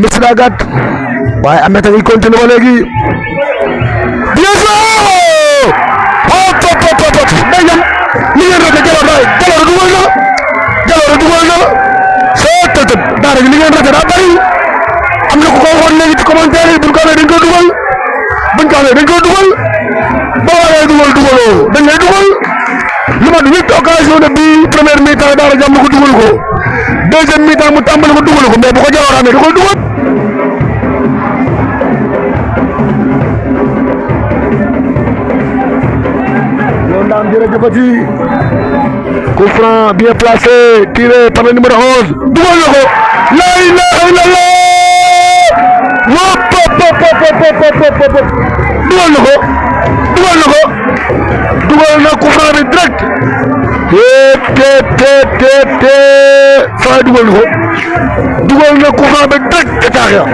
Miss daa gàtt waaye Ameth a ngi continué ba léegi bien sûr oh top top top day ñam li ngeen rate Jaloor daay Jaloor dugal na Jaloor dugal na soo tëj daara ji li ngeen rate daa bari am na ku ko waxoon léegi ci commentaire yi buñ ko amee dañ koy dugal buñ ko amee dañ koy dugal boo waxee dugal dugaloo dañ lay dugal lu mat huit occasion de bi première mi-temps daara jàmm ko dugal ko deuxième mi-temps mu tàmbali ko dugal ko mais bu ko Jaloor amee da koy dugal Ndeysaan jërëjëfati coup franc bien placé tiré par le numéro 11 dugal na ko la ilaha illallah wop pop pop pop pop pop dugal na ko dugal na ko dugal na coup franc bi direct teet teet teet teet teet saa dugal na ko dugal na coup franc bi direct ca taax ya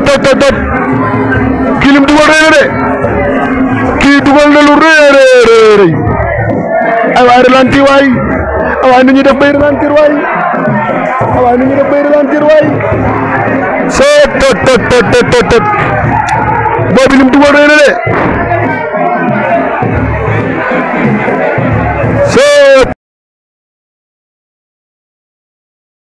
tot tot tot tot kii lim dugal rëy na de kii dugal na lu rëy rëy rëy ay ñuy def seet tot tot tot tot boobu lim dugal rëy na